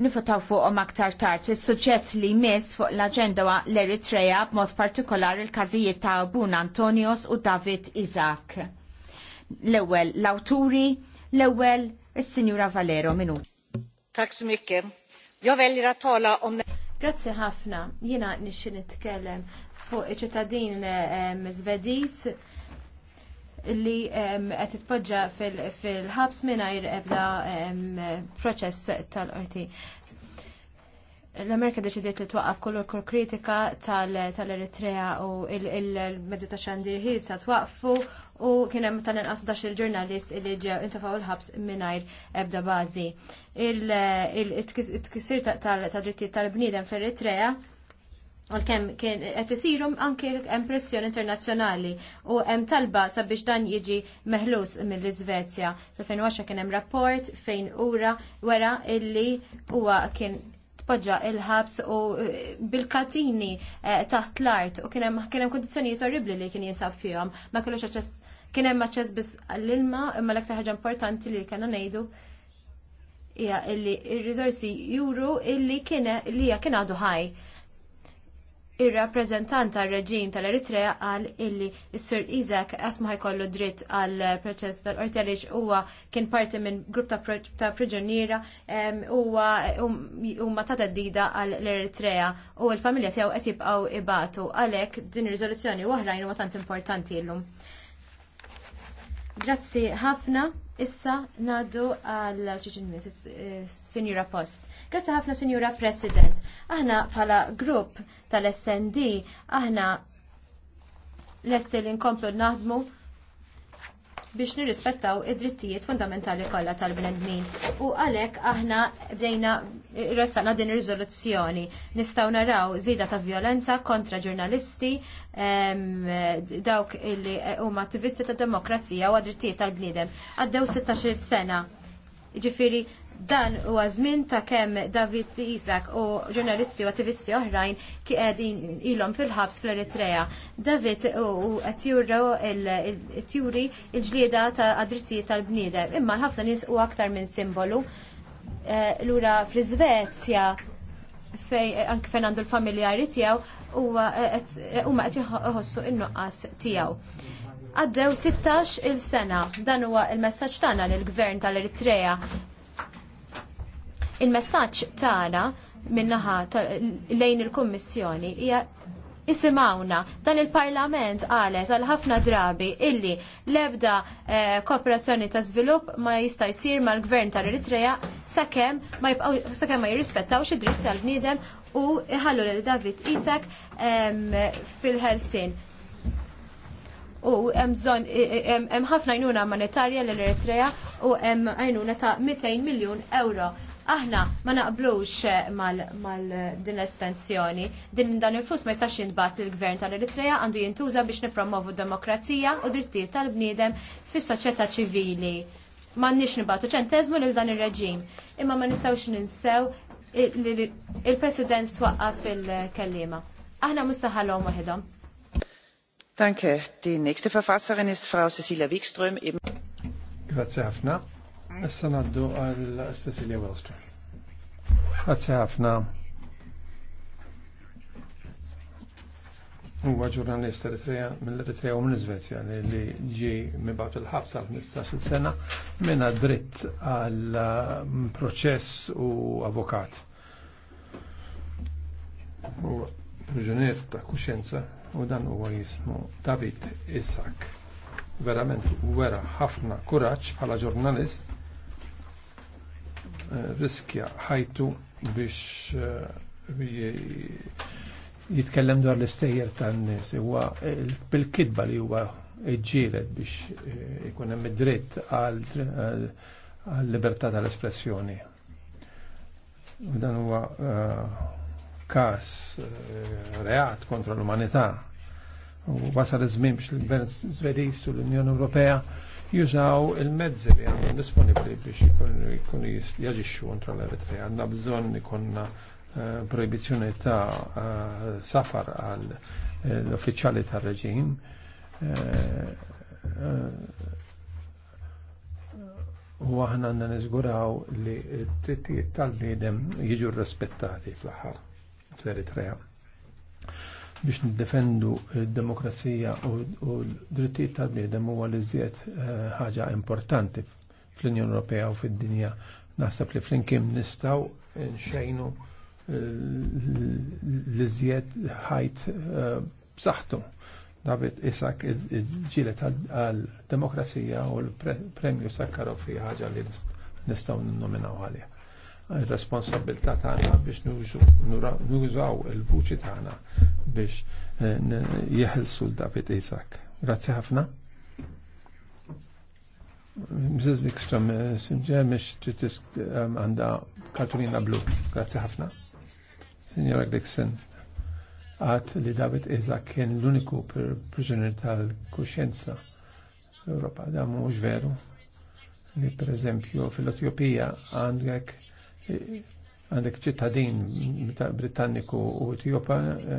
nifotaw fuqhom aktar tard. Is-suġġett li jmiss fuq l-aġenda l-Eritrea b'mod partikolar l-każijiet ta' Bun Antonios u David Isaac. L-ewwel l-awturi, l-ewwel is-Sinjura Valero minut. Tak mikke. Jo velja ratola om Grazzi ħafna. Jiena nixxi nitkellem fuq iċ-ċittadin eh, li qed titpoġġa fil-ħabs mingħajr ebda proċess tal-qorti l-Amerika deċidiet li twaqqaf kull kur kritika tal-Eritrea u il-mezzi ta' xandir sa twaqfu u kien hemm tal-inqas dax il-ġurnalist li ġew intafaw il-ħabs mingħajr ebda bażi. Il-tkisir tal drittijiet tal-bniedem fl-Eritrea għal-kem kien qed isiru anke hemm pressjoni internazzjonali u hemm talba sabiex dan jiġi meħlus mill-Iżvezja. Fil-2010 kien hemm rapport fejn ura wara illi huwa kien tpoġġa il-ħabs u eh, bil-katini eh, taħt l-art u kien hemm kondizzjonijiet orribli li kien jinsab fihom. Ma kellux aċċess kien hemm aċċess biss għall-ilma imma l-aktar ħaġa importanti li kellna ngħidu hija illi r-riżorsi juru illi kien li kien għadu ħaj Ir-rappreżentant tar-reġim tal-Eritrea qal illi s-Sur Isaac qatt ma jkollu dritt għal proċess tal-qorti għaliex huwa kien parti minn grupp ta' priġuniera huwa huma ta' teddida għal l-Eritrea u l-familja tiegħu qed jibqgħu ibatu għalhekk din ir-riżoluzzjoni oħrajn huwa tant importanti llum. Grazzi ħafna. Issa nadu għal Sinjura Post. Grazzi ħafna Sinjura President Aħna bħala grupp tal-SND, aħna lesti li nkomplu naħdmu biex nirrispettaw id-drittijiet fundamentali kollha tal-bnedmin. U għalhekk aħna bdejna ressaqna din ir-riżoluzzjoni. Nistgħu naraw żieda ta' violenza kontra ġurnalisti, dawk illi huma attivisti tad demokrazija u għad-drittijiet tal-bniedem. Għaddew 16-il sena Ġifiri, dan huwa żmien ta' kemm David Isaac u ġurnalisti u attivisti oħrajn għedin ilhom fil-ħabs fl-Eritrea. David u qed juri l-ġlieda ta' drittijiet tal-bniedem, imma ħafna nies u aktar minn simbolu. Eh, lura fl-Iżvezja fej anke fejn għandu l-familjari tiegħu eh, huma qed iħossu n-nuqqas tiegħu għaddew 16 il-sena. Dan huwa il-messaġġ tagħna lill-Gvern tal-Eritrea. Il-messaġġ tagħna minnaħa lejn il-Kummissjoni hija isimawna dan il-parlament għalet għal ħafna drabi illi l-ebda eh, kooperazzjoni ta' svilupp ma jista' jsir mal-gvern tal-Eritrea sakemm ma jibqgħu sakemm ma jirrispettawx id-dritt tal-bniedem u ħallu lil David Isaac ehm, fil-Helsin u hemm bżonn hemm ħafna għajnuna monetarja l eritrea u hemm għajnuna ta' 200 miljun euro. Aħna ma naqblux eh, mal din estensjoni. Din dan il-flus ma jistax jintbat il-gvern tal-Eritrea għandu jintuża biex nipromovu demokrazija u drittijiet tal-bniedem fis-soċjetà ċivili. Ma nix nibatu ċentezmu lil dan ir-reġim. Imma ma nistgħux ninsew il-President twaqqa fil-kellima. Aħna mustaħalhom waħedhom. Grazie ħafna. Issa għal Cecilia Grazie ħafna. Huwa ġurnalist Eritrea mill-Eritrea u mill-Iżvezja li ġi mibgħat il ħabs għal 15 sena minna dritt għal mm, proċess u avukat priġunier ta' kuxenza u dan u jismu David Isak. Verament u vera ħafna kuraċ pala ġurnalist eh, riskja ħajtu biex eh, jitkellem dwar l-istejjer tan-nies. Huwa eh, bil-kidba li huwa ġielet biex ikun hemm id-dritt għal libertà tal-espressjoni. U dan huwa kas eh, reat kontra l-umanità u wasal iż-żmien biex l-Gvern Svediż u l-Unjoni Ewropea jużaw il-mezzi li għandhom disponibli biex jkun jaġixxu kontra l-Eritrea. Għandna bżonn ikonna eh, proibizjoni ta' eh, safar għal l-uffiċjali tar-reġim u aħna għanna nizguraw li t-tittijiet tal-bnidem jiġu rispettati fl-ħar fl-Eritrea biex nindefendu d-demokrazija u l drittijiet tal-bniedem huwa li żjed eh, ħaġa importanti fl-Unjoni Ewropea u fid-dinja. Naħseb li flimkien nistgħu nxejnu eh, li żjed ħajt eh, b'saħħtu. David Isak ġilet għal-demokrazija u l-premju Sakkarov fi ħaġa li nistgħu nominaw għalija responsabilta tana biex nużaw il-vuċi tana biex eh, jeħelsu l-David Isaac. Grazie ħafna. Mrs. Wikström, eh, sinġer mish titisk eh, għanda Katrina blu. Grazie ħafna. Signora Gliksen, għat li David Isaac kien l-uniku per prisoner tal-kuxjenza Europa. Da mux veru li per eżempju fil-Etiopija għandek għandek ċittadin Britanniku u Etiopa eh,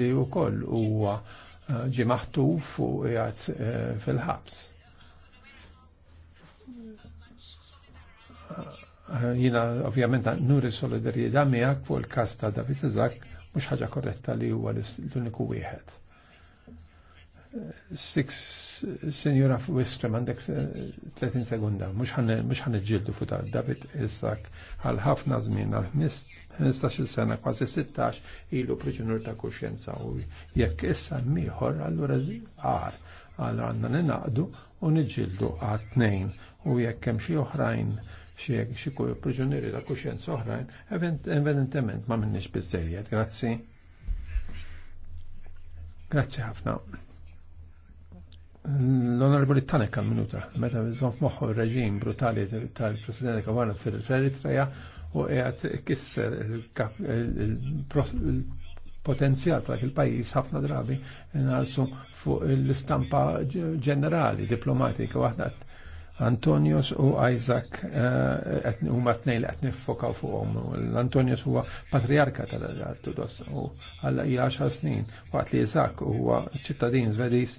li u koll huwa eh, ġimaħtu maħtuf u jgħat eh, fil-ħabs. Jina ovvjament nuri solidarieta miegħek fuq il-kas ta' David Zak mhux ħaġa korretta li huwa l-uniku wieħed. Six, Signora Wistram, għandek 30 eh, sekunda, mux ħan ġildu futa, David Isaac, għal ħafna zmin, għal 15 sena, kważi 16, ilu priġunur ta' kuxjenza u jekk issa miħor, allura għar, għal għanna ninaqdu u nġildu għat tnejn u jekk hemm xi oħrajn xi priġunieri ta' kuxjenza oħrajn, evidentement ma minnix biżejjed, grazzi. Grazzi ħafna. L-Onorevoli Tanek għal-minuta, meta bżon f'moħħu reġim brutali tal-Presidente Kawana fil-Eritrea u għed kisser il-potenzjal ta' il-pajis ħafna drabi nħalsu fuq l-istampa ġenerali diplomatika waħda Antonius u Isaac eh, huma tnejn li qed niffokaw fuqhom. L-Antonius huwa patriarka tal-Ortodoss u għal 10 snin waqt li Isaac huwa ċittadin Svediż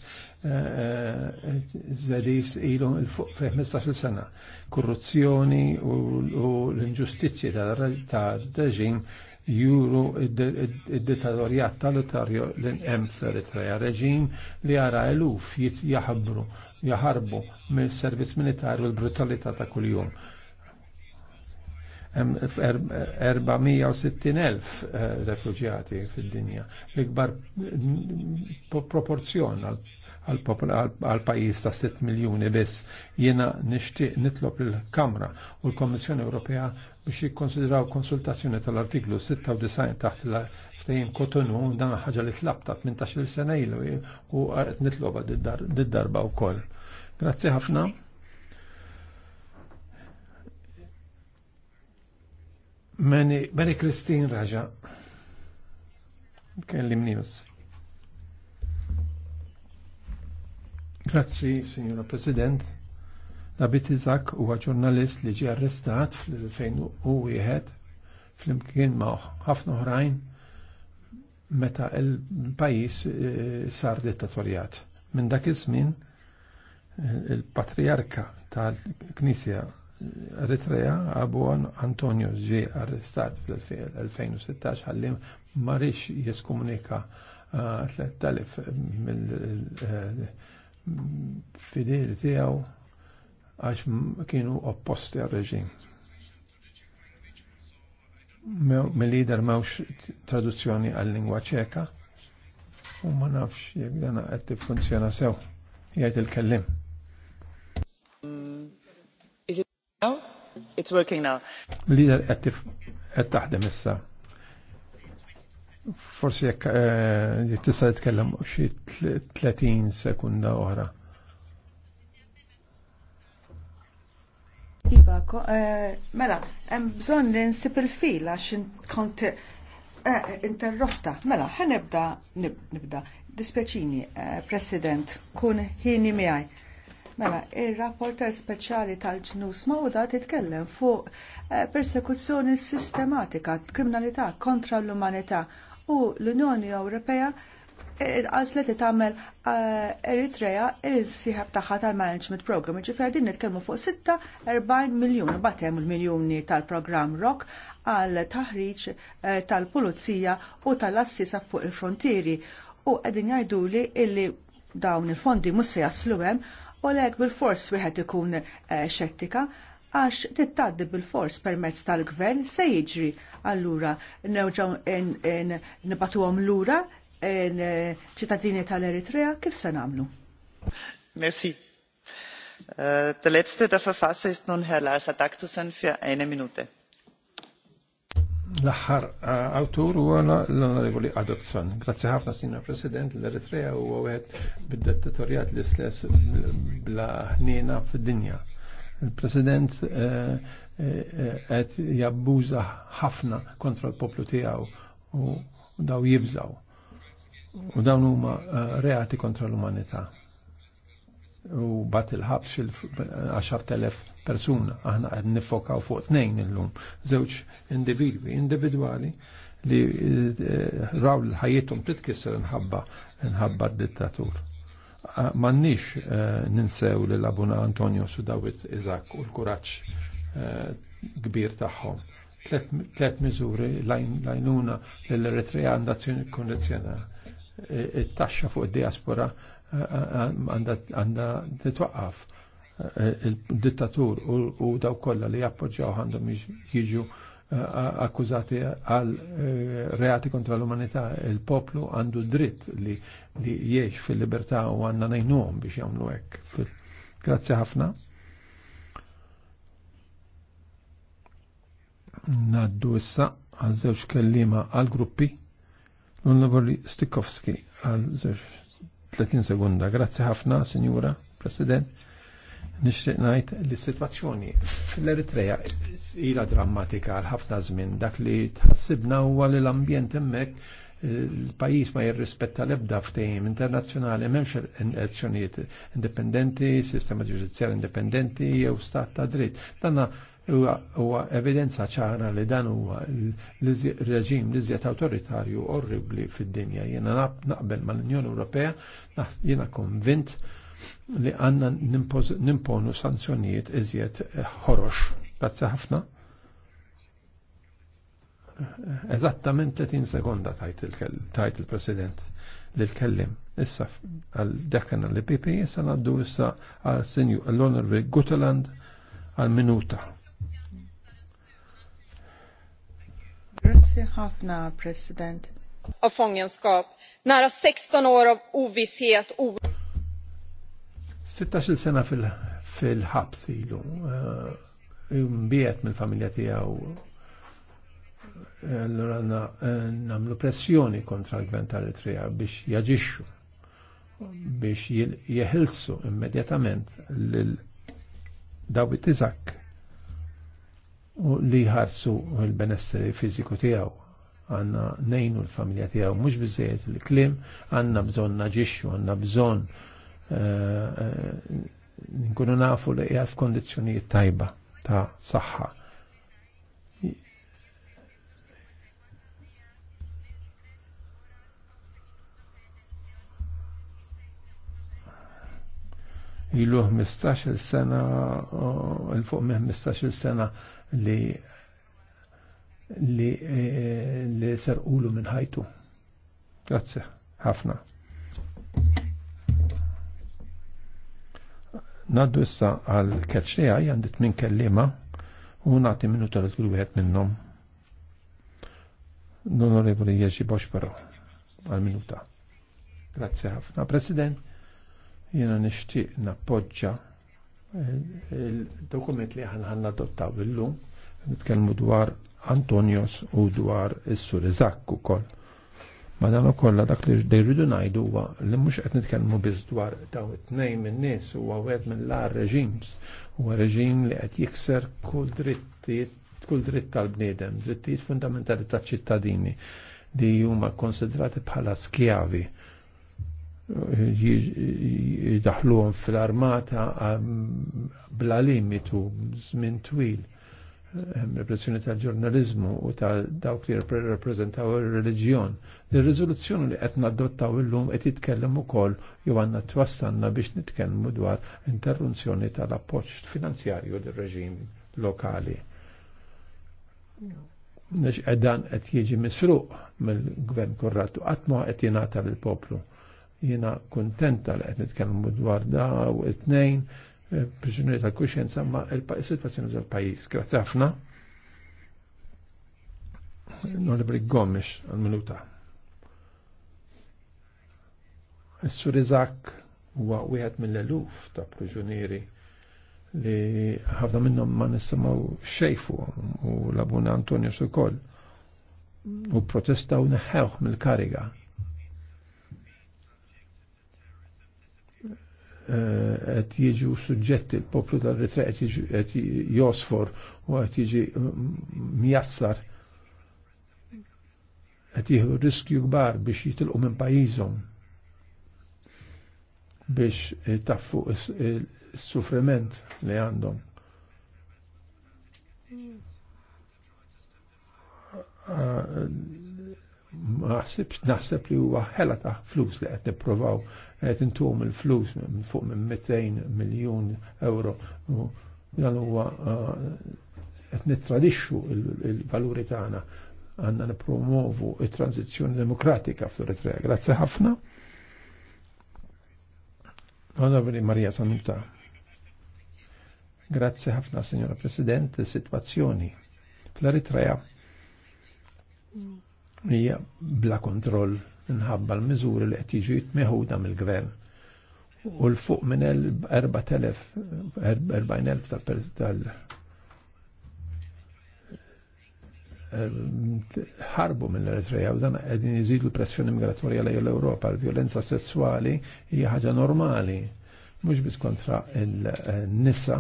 zedis ilu il-fuq fi 15 sena. Korruzzjoni u l-inġustizzji tal-reġim juru id-dittatorjat tal-itarju l-inqem fl-Eritrea, reġim li għara eluf jaħabru, jaharbu mill-servizz militari u l-brutalità ta' kuljum. 460.000 er, eh, refugjati fid-dinja, l-ikbar proporzjon għal pajjiż ta' 6 miljuni biss. Jiena nixtieq nitlob l kamra u l-Kommissjoni Ewropea biex jikkonsidraw konsultazzjoni tal-artiklu 96 taħt l ftajim Kotonu dan ħaġa li tlabta 18 sena ilu u nitloba did-darba wkoll. Grazzi ħafna. Meni, Meni Kristin Raġa. Kellim news. Grazzi, Signora President. David Izak huwa ġurnalist li ġie arrestat fl-2001 fl-imkien ma' ħafna oħrajn meta il-pajis eh, sar dittatorjat. Minn dak iż-żmien eh, il-patriarka tal-Knisja eh, Eritrea Abu Antonio ġi arrestat fl-2016 ħallim marix jeskomunika 3000 mill fideli tiegħu għax kienu opposti għal reġim. Mill-lider mawx traduzzjoni għal-lingwa ċeka u ma nafx jek dana qed tiffunzjona sew jgħid il-kellim. Is it now? It's working now. Lider qed taħdem issa. Forsi jekk eh, tista' titkellem xi 30 sekunda oħra. Iva, eh, mela, hemm bżonn li nsib il-fil għax kont eh, interrotta. Mela, ħanibda nibda. Dispeċini, President, kun ħini miegħi. Mela, il-rapporter speċjali tal-ġnus mawda titkellem fuq persekuzzjoni sistematika, kriminalità kontra l-umanità u l-Unjoni Ewropea eh, għażlet li tagħmel eh, Eritrea il-sieħab tagħha tal-Management Program. Ġifier din nitkellmu fuq 46 miljun u bagħad hemm il-miljuni tal-programm ROC għal taħriġ eh, tal-pulizija u tal-assisa fuq il-frontieri u qegħdin jgħiduli illi dawn il-fondi mhux se jaslu hemm u lek bil-fors wieħed ikun xettika għax tittaddi bil-fors permezz tal-gvern se jiġri allura nerġgħu nibatuhom lura ċittadini tal-Eritrea kif se nagħmlu. Merci. Der eh, letzte der Verfasser ist nun Herr Lars Adaktusen für eine Minute. L-aħħar eh, awtur huwa l-Onorevoli Adokson. Grazzi ħafna Sinna President l-Eritrea huwa wieħed bid-dittatorjat l-istess bla ħnina fid-dinja Il-President eh, eh, eh, qed jabbuża ħafna kontra l-poplu tiegħu u daw jibżaw. U dawn huma reati kontra l-umanità. U bat il-ħabs il-10.000 persuna, aħna qed nifokaw fuq tnejn illum, żewġ individwi individwali li raw l-ħajjithom titkisser nħabba nħabba d-dittatur mannix eh, ninsew li l-abuna Antonio Sudawit Izak u l-kuraċ eh, kbir tagħhom. Tlet miżuri lajnuna l-Eritrea għandha kondizjona eh, it-taxxa fuq id-diaspora għandha titwaqqaf il-dittatur u daw kollha li jappoġġaw għandhom jiġu Eh, akkużati għal eh, reati kontra l-umanità. Il-poplu għandu dritt li, li jiex fil-libertà u għanna najnum biex jamlu hekk. Grazzi ħafna. Naddu issa għal żewġ kellima għal gruppi l unnavoli Stikowski għal 30 sekunda. Grazzi ħafna, Signora President nixtieq ngħid li sitwazzjoni fl-Eritrea ilha drammatika għal ħafna żmien dak li tħassibna huwa li l-ambjent hemmhekk il-pajis ma jirrispetta l-ebda ftehim internazzjonali m'hemmx elezzjonijiet indipendenti, sistema ġudizzjar indipendenti jew stat ta' dritt. Danna huwa evidenza ċara li dan huwa l-reġim li żjed awtoritarju orribli fid-dinja. Jiena naqbel mal-Unjoni Ewropea, jiena konvint li għanna nimponu sanzjonijiet iżjed eh, ħorox. Grazzi ħafna. Eh, eżattament 30 sekonda tajt il-President li l-kellim. Issa għal dekana li PP issa għaddu issa għal senju l-Honorable Gutteland għal minuta. Grazie ħafna, President. Av fångenskap. Nära 16 år av ovisshet, 16 sena fil-ħabs ilu. Eh, Mbiet mill-familja tijaw eh, Allora eh, namlu pressjoni kontra l-gvern tal-Eritrea biex jaġixxu biex jeħilsu immedjatament lil Dawit Izak u li jħarsu l-benesseri fiżiku tiegħu għanna nejnu l-familja tiegħu mhux biżejjed il-klim, għandna bżonn naġixxu, għandna bżonn nkunu nafu li jgħaf kondizjoni tajba ta' saħħa. ilu 15 sena il-fuq 15 sena li li eh, li ser ulu minn ħajtu. Grazie, ħafna. Naddu issa għal catch għandit minn kellima u nati minuta li t-għuħet minnom. L-onorevoli Jeġi Boxpero għal minuta. Grazie ħafna. President, jena nishtiq nappoġġa il-dokument li ħanħan adottaw il-lum, nitkellmu dwar Antonios u dwar is-Surizak ukoll. Ma dan ukoll dak li jridu ngħidu huwa li mhux qed nitkellmu biss dwar taw it-tnejn min-nies huwa wieħed mill-ar reġims huwa reġim li qed jikser kull drittijiet kull dritt tal-bniedem, drittijiet fundamentali taċ ċittadini li huma konsidrati bħala skjavi jidaħluhom fil-armata bla limitu żmien twil Ehm, repressjoni tal-ġurnalizmu u ta' dawk li rappresentaw il-reliġjon. Il-rizoluzzjoni li qed nadottaw illum qed jitkellem ukoll jew għandna twassanna biex nitkellmu dwar interruzzjoni tal-appoġġ finanzjarju lir-reġim lokali. Nix edan qed jiġi misruq mill-gvern korrattu qatt ma qed jingħata lill-poplu. Jiena kuntenta li qed nitkellmu dwar da u it-tnejn Eh, priġunieri tal-kuxjenza ma il-situazzjoni tal-pajis. Grazzi ħafna. Onorevoli Gomes għal-minuta. il sur Izak huwa wieħed mill-eluf ta' priġunieri li ħafna minnhom ma nisimgħu xejn fuqhom u l-Abuna Antonio ukoll u protestaw neħħewh mill-kariga Eh, qed jieġu suġġetti l-poplu tal-Eritrea qed josfor u qed jiġi mm, mjassar qed jieħu riskju kbar biex jitilqu minn pajizom biex taffu il suffriment li għandhom. Uh, naħseb li huwa ħela ta' flus li qed nippruvaw qed intuhom il-flus minn fuq minn 200 miljun euro. Dan huwa qed nittradixxu il-valuri tagħna għandna nippromovu it-tranzizzjoni demokratika fl-Eritrea. Grazzi ħafna. Onorevoli Marija Sanuta. Grazzi ħafna, Signora President, il sitwazzjoni fl-Eritrea hija bla kontroll nħabba l-miżuri li qed jiġu jitmeħuda mill-gvern. U l-fuq minn 40,000 er- tal er- ħarbu l eritrea u dan qegħdin jizidu l-pressjoni migratorja lej l europa l-vjolenza sessuali hija ħaġa normali, mhux biss kontra il nisa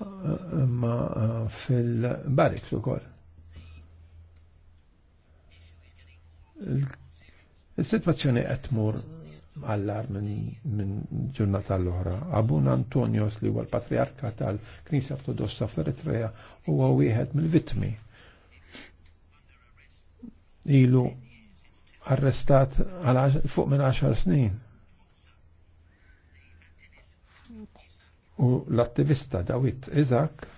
ma fil barik ukoll. Il-situazzjoni qed tmur għallar minn ġurnata l-oħra. Abun Antonios li huwa l-patriarka tal-Knisja Ortodossa fl-Eritrea huwa wieħed mill-vittmi. Ilu arrestat għal fuq minn 10 snin. U l-attivista Dawit Izak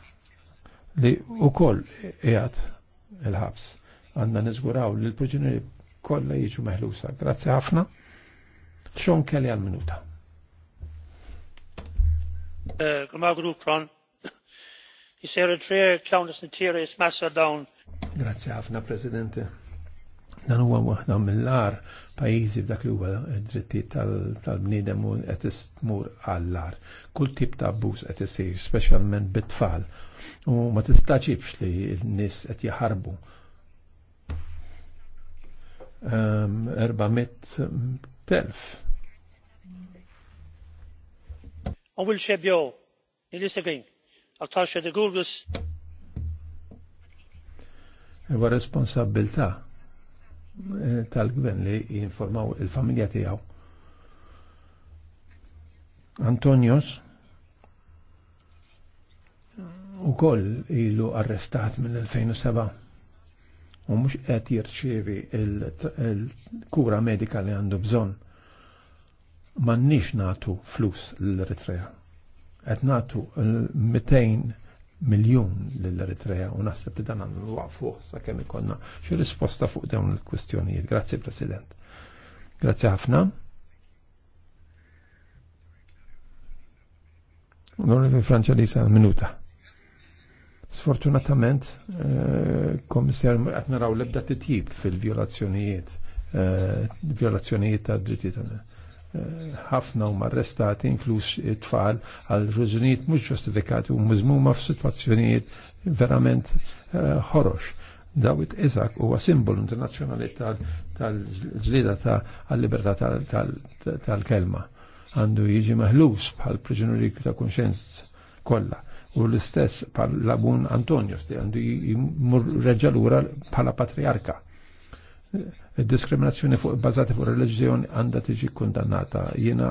li u koll il-ħabs għandna niżguraw li l-proġeneri Kolla jiġu meħlusa. Grazzi ħafna. Xon kelli għal minuta. Grazzi ħafna, Presidente. Dan huwa waħda mill-lar pajjiżi f'dak li huwa d dritti tal-bniedem u qed tmur għall-lar. Kull tip ta' abbuż qed isir, speċjalment bit-tfal. U ma tistaċibx li n-nies qed jaħarbu 400 telf. U wil xebjow, il-isegħin, għaktar xedde gurgus. Ewa responsabilta eh, tal-gvern li informaw il-familja tijaw. Antonios u koll ilu arrestat mill-2007 u mux qed jirċievi il-kura medika li għandu bżonn. nix natu flus l-Eritrea. Qed nagħtu 200 eh, miljun l-Eritrea u naħseb li dan għandu sa sakemm ikollna xi risposta fuq dawn il-kwistjonijiet. Grazzi President. Grazzi ħafna. L-Onorevoli Franċalisa, minuta. Sfortunatament, eh, komissar, għat naraw lebda titjib fil-violazzjonijiet, eh, violazzjonijiet ta' ta' ħafna huma arrestati, inkluż it-tfal, għal raġunijiet mhux ġustifikati u mużmuma f'sitwazzjonijiet verament eh, ħorox. Dawit Izak huwa simbolu internazzjonali tal-ġlida għal libertà tal-kelma. Għandu jiġi maħlus bħal priġunieri ta' konxenz kollha u l-istess pal labun Antonio sti għandu jimur reġalura bħala patriarka. Eh, diskriminazzjoni fuq bazati fuq religjoni għandha tiġi kundannata. Jiena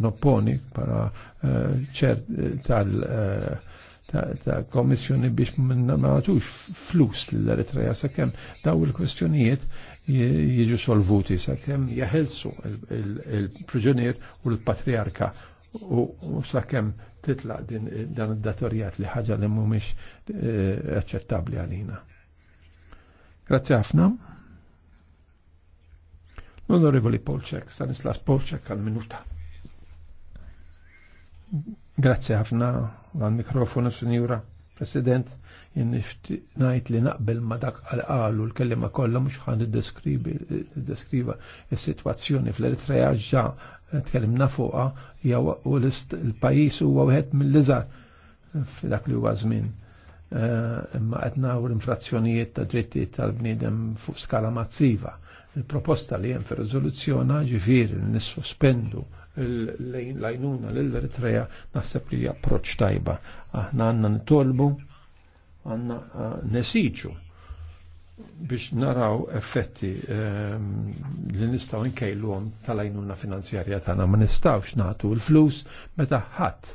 nopponi bħala eh, ċer eh, tal ta' komissjoni biex ma flus l-Eritrea sakemm daw il-kwestjonijiet jiġu solvuti sakemm jahelsu il-priġunier u l-patriarka u sakemm titlaq din dan id-datorijat li ħaġa li mhumiex eh, aċċettabbli għalina. Grazzi ħafna. L-Onorevoli Polczek, Stanislas Polczek għal-minuta. Grazzi ħafna għal-mikrofonu, Sinjura President jinn najt li naqbel ma dak għal-qalu l-kellima kollha mhux ħan deskriva s-sitwazzjoni fl-Eritrea ġa tkellimna fuqha jew u l-pajjiż huwa wieħed mill-iżgħar f'dak li huwa żmien. Eh, imma qed nagħu l-infrazzjonijiet ta' drittijiet tal-bniedem fuq skala mazziva. Il-proposta li hemm fir-riżoluzzjona ġifieri nissospendu l għajnuna l-Eritrea naħseb li approċċ tajba. Aħna għandna nitolbu, għandna eh, nesiġu biex naraw effetti ehm, li nistaw nkejlu għom tal-ajnuna finanzjarja tagħna ma nistawx natu l-flus meta ħadd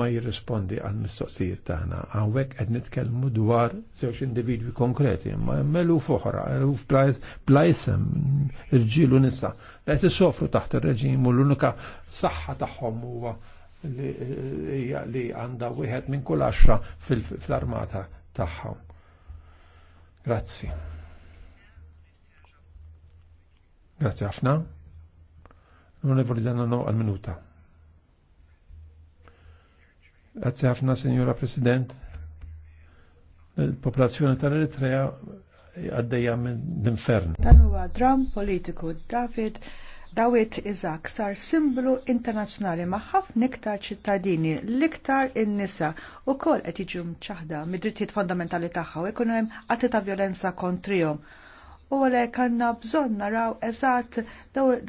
ma jirrispondi għal mistoqsijiet tagħna. Hawnhekk qed nitkellmu dwar żewġ individwi konkreti, ma melu foħra, eluf blajsem, irġilu nisa. Qed isofru taħt ir-reġim u l-unika saħħa tagħhom huwa li eh, għandha wieħed minn kull għaxra fl-armata tagħhom Grazzi. Grazzi ħafna. Non onorevoli danna no al minuta Grazie Afna, Signora President. Il-popolazzjoni tal-Eritrea għaddejja minn l-infern. Dan huwa dram politico David Dawit Iżak sar simbolu internazzjonali ma' ħafna iktar ċittadini, l-iktar in-nisa u kol qed jiġu mċaħda mid-drittijiet fondamentali tagħha u jkun hemm qatti ta' violenza kontrihom. U għalhekk għandna bżonn naraw eżatt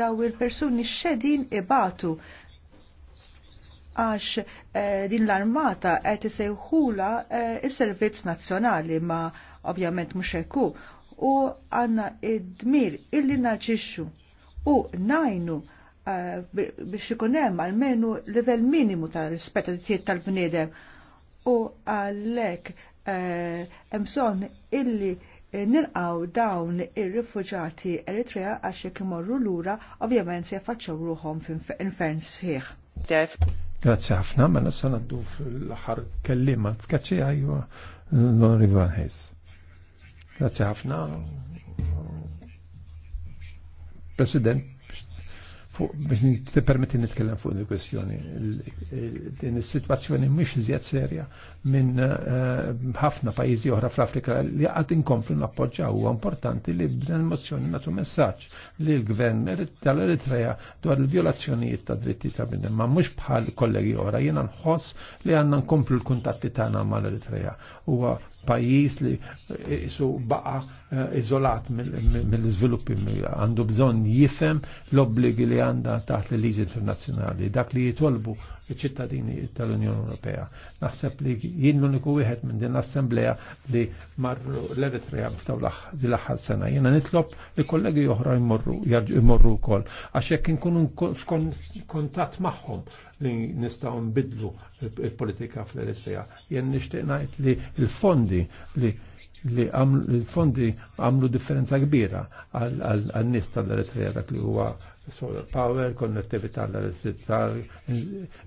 daw il-persuni x'edin ibatu għax eh, din l-armata qed isejħula eh, s servizz nazzjonali ma ovvjament mhux hekk u għandna id-dmir illi naġixxu u najnu eh, biex ikun hemm level livell minimu ta' rispetta tad tal-bniedem u għallek eh, hemm bżonn illi nilqaw dawn ir-rifuġati Eritrea għax jekk imorru lura ovvjament se jaffaċċaw ruhom f'infern sħiħ. Grazzi ħafna, ma mela nassa naddu fl-aħħar kellima f'kaċċi għajwa iva, l-Onorevole Hayes. Grazzi ħafna, President, biex t-permetti nitkellem fuq il kwestjoni Din is-sitwazzjoni mhix iżjed serja minn eh, ħafna pajjiżi oħra fl-Afrika li qatt inkomplu nappoġġa huwa importanti li b'dan mozzjoni nagħtu messaġġ li l-gvern tal-Eritrea dwar il-vjolazzjonijiet ta' dritti ta' Bidem. ma mhux bħal kollegi oħra jiena nħoss li għandna nkomplu l-kuntatti tagħna mal-Eritrea. Huwa pajjiż li isu baqa eh, iżolat mill-iżviluppi għandu bżonn jifhem l obligi li għandha taħt l liġi internazzjonali. Dak li jitolbu ċittadini tal-Unjoni Ewropea. Naħseb li jien l-uniku wieħed minn din l-Assembleja li marru l-Eritrea f'taw l-aħħar sena. Jiena nitlob li kollegi oħra jmorru jmorru wkoll għax hekk inkunu f'kuntatt magħhom li nistgħu nbidlu il-politika fl-Eritrea. Jien nixtieq ngħid li l-fondi li li l-fondi għamlu differenza kbira għal nista tal-Eritrea dak li huwa solar power, konnettività l-elettricità,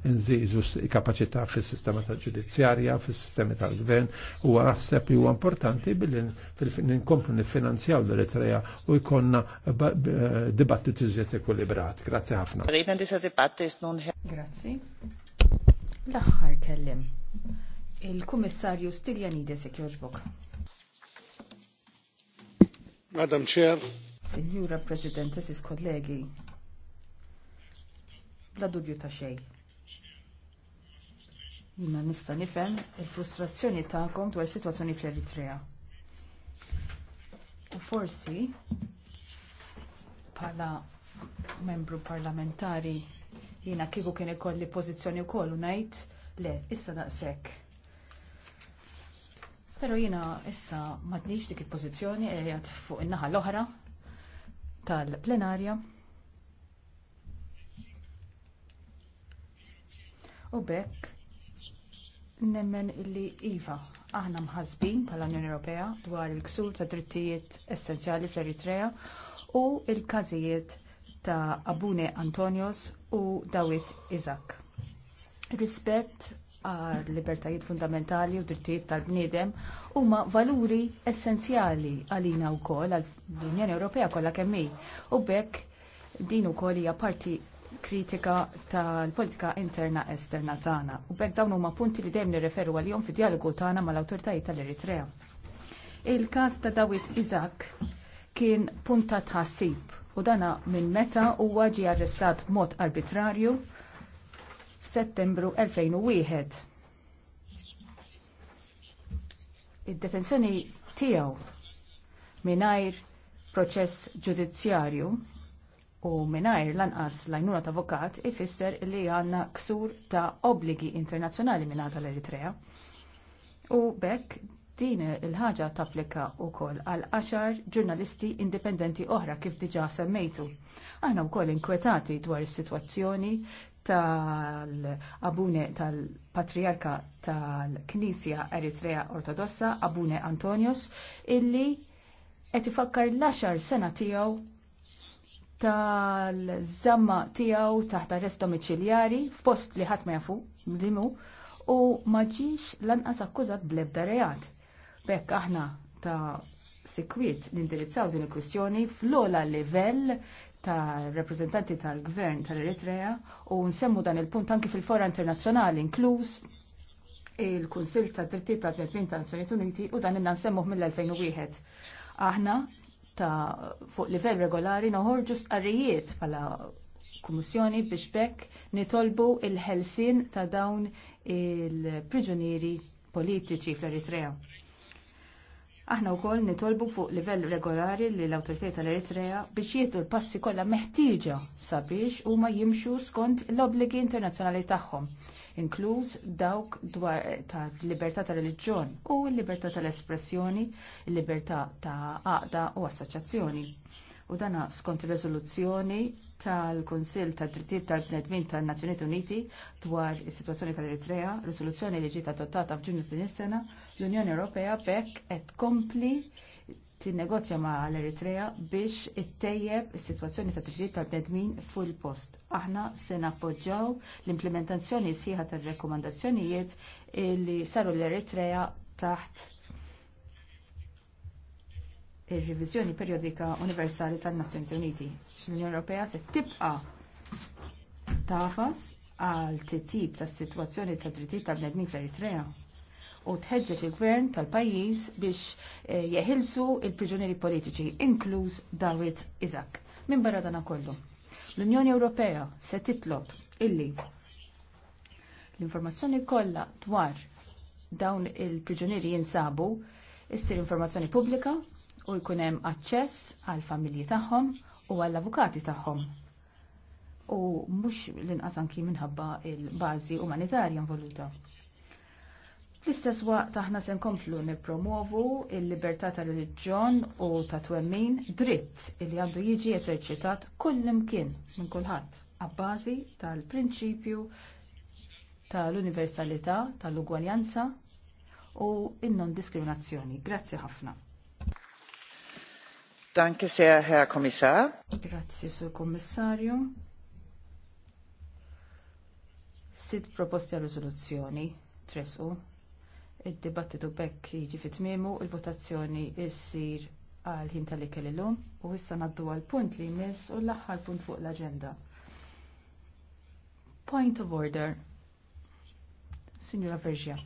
nżiżu kapacità fis-sistema tal-ġudizzjarja, fis-sistemi tal-gvern, u naħseb li huwa importanti billi ninkomplu niffinanzjaw l elettrija u jkollna dibattit iżjed ekwilibrat. Grazie ħafna. Grazie. L-aħħar kellim. Il-Kummissarju Stiljanides jekk Madam Chair. Signora President, sis kollegi, La dubju ta' xejn. Jina nista nifhem il-frustrazzjoni tagħkom dwar is-sitwazzjoni fl-Eritrea. U forsi bħala membru parlamentari jiena kieku kien ikolli pożizzjoni wkoll u ngħid le issa daqshekk. Però jiena issa m'għadniex dik il-pożizzjoni jgħat fuq in-naħa l-oħra tal-plenarja. U bekk nemmen illi Iva, aħna mħazbin bħala Unjoni Ewropea dwar il-ksur ta' drittijiet essenzjali fl-Eritrea u il-każijiet ta' Abune Antonios u Dawit Izak. Rispett għal libertajiet fundamentali u drittijiet tal-bniedem huma valuri essenzjali għalina wkoll għall unjoni Ewropea kollha kemm hi. U bekk din ukoll hija parti kritika tal-politika interna esterna tagħna u bekk dawn huma punti li dejjem nirreferu għalihom fid-dialogu tagħna mal-awtoritajiet tal-Eritrea. Il-każ ta' Dawit Iżak kien punta tħassib u dana minn meta huwa ġie arrestat mod arbitrarju f'Settembru 2001. Id-detenzjoni tiegħu mingħajr proċess ġudizzjarju u mingħajr lanqas l-għajnuna ta' avokat ifisser li għandna ksur ta' obbligi internazzjonali minn l-Eritrea. U bekk din il-ħaġa tapplika wkoll għal 10 ġurnalisti indipendenti oħra kif diġà semmejtu. Aħna wkoll inkwetati dwar is-sitwazzjoni tal-abune tal-patriarka tal-Knisja Eritrea Ortodossa, Abune Antonios, illi qed ifakkar l-10 sena tiegħu tal-żamma tiegħu taħt arrest domiċiljari f'post li ħadd ma jafu limu u ma ġiex lanqas akkużat bl-ebda reat. Bekk aħna ta' sikwiet nindirizzaw din il-kwistjoni fl-ola livell ta' rappresentanti tal-gvern tal-Eritrea u nsemmu dan il-punt anki fil-fora internazzjonali inkluż il-Kunsil ta' Drittijiet tal-Bnedmin tal nazzjonijiet Uniti u dan inna nsemmuh mill-2001. Aħna ta' fuq livell regolari noħorġu stqarrijiet bħala kummissjoni biex bekk nitolbu il-ħelsin ta' dawn il-priġunieri politiċi fl-Eritrea. Aħna wkoll nitolbu fuq livell regolari li l-awtoritajiet tal-Eritrea biex jietu l-passi kollha meħtieġa sabiex huma jimxu skont l obbligi internazzjonali tagħhom inkluż dawk dwar tal-libertà ta' reliġjon u l-libertà tal-espressjoni, l-libertà ta' għaqda u assoċjazzjoni u dana skont ir-riżoluzzjoni tal-Kunsill tad drittijiet tal-Bnedmin tan-Nazzjonijiet Uniti dwar is-sitwazzjoni tal-Eritrea, riżoluzzjoni li ġiet adottata f'Ġunju din is-sena, l-Unjoni Ewropea bekk qed tkompli tinnegozja ma' l-Eritrea biex ittejjeb is-sitwazzjoni ta' triġiet tal-bnedmin fuq il-post. Aħna se nappoġġjaw l-implementazzjoni sħiħa tar-rekkomandazzjonijiet li saru l-Eritrea taħt ir-riviżjoni perjodika universali tan-Nazzjoni Uniti. L-Unjoni Ewropea se tibqa' tafas għal titjib tas-sitwazzjoni ta' drittijiet tal-bnedmin fl-Eritrea u tħeġġeġ il-gvern tal-pajjiż biex eh, jeħilsu il-priġunieri politiċi, inkluż Dawit Izak. Min barra dana kollu. L-Unjoni Ewropea se titlob illi l-informazzjoni kollha dwar dawn il-priġunieri jinsabu issir informazzjoni pubblika u jkun hemm aċċess għall familji tagħhom u għall-avukati tagħhom u mhux l-inqas anki minħabba il-bażi umanitarja involuta. Fl-istess waqt aħna se nkomplu nippromovu il-libertà ta' reliġjon u ta' twemmin dritt illi għandu jiġi eserċitat kull imkien minn kulħadd għabbażi tal-prinċipju tal-universalità, tal-ugwaljanza u n-non diskriminazzjoni. Grazzi ħafna. Danke sehr, Herr Kommissar. Grazzi, Sir Kommissarju. Sitt proposti għal riżoluzzjoni tresqu Id-dibattitu bekk jiġi fit-tmiemu, il-votazzjoni ssir għal ħin tal-ikel illum u issa naddu għal punt li jmiss u l-aħħar punt fuq l-aġenda. Point of order. Signora Vergia.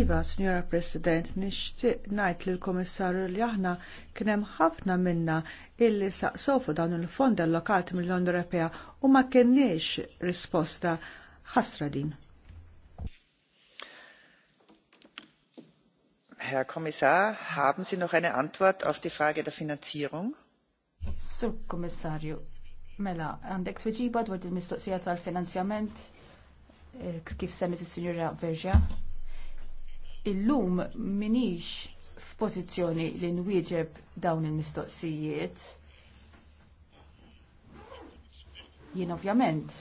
Iva, Signora President, nixtieq ngħid l komissarju li aħna kien hemm ħafna minna illi saqsofu dan dawn il-fond allokat mill-Unjoni Ewropea u ma kienniex risposta ħasra din. Herr Kommissar, haben Sie noch eine Antwort auf die Frage der Finanzierung? Sur Kommissarju, mela, għandek tweġiba dwar il-mistoqsija tal-finanzjament eh, kif semmi is-Sinjura Verġa. Illum minix f'pożizzjoni li nwieġeb dawn il-mistoqsijiet. Jien ovvjament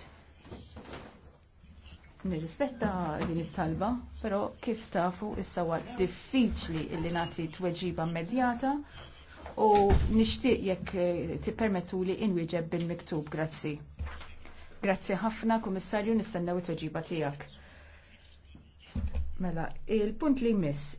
nirrispetta din it-talba, però kif tafu issa huwa diffiċli illi nagħti tweġiba immedjata u nixtieq jekk eh, tippermettu li inwieġeb bil-miktub, grazzi. Grazzi ħafna, Kummissarju, nistennew it-tweġiba tiegħek. Mela, il-punt li miss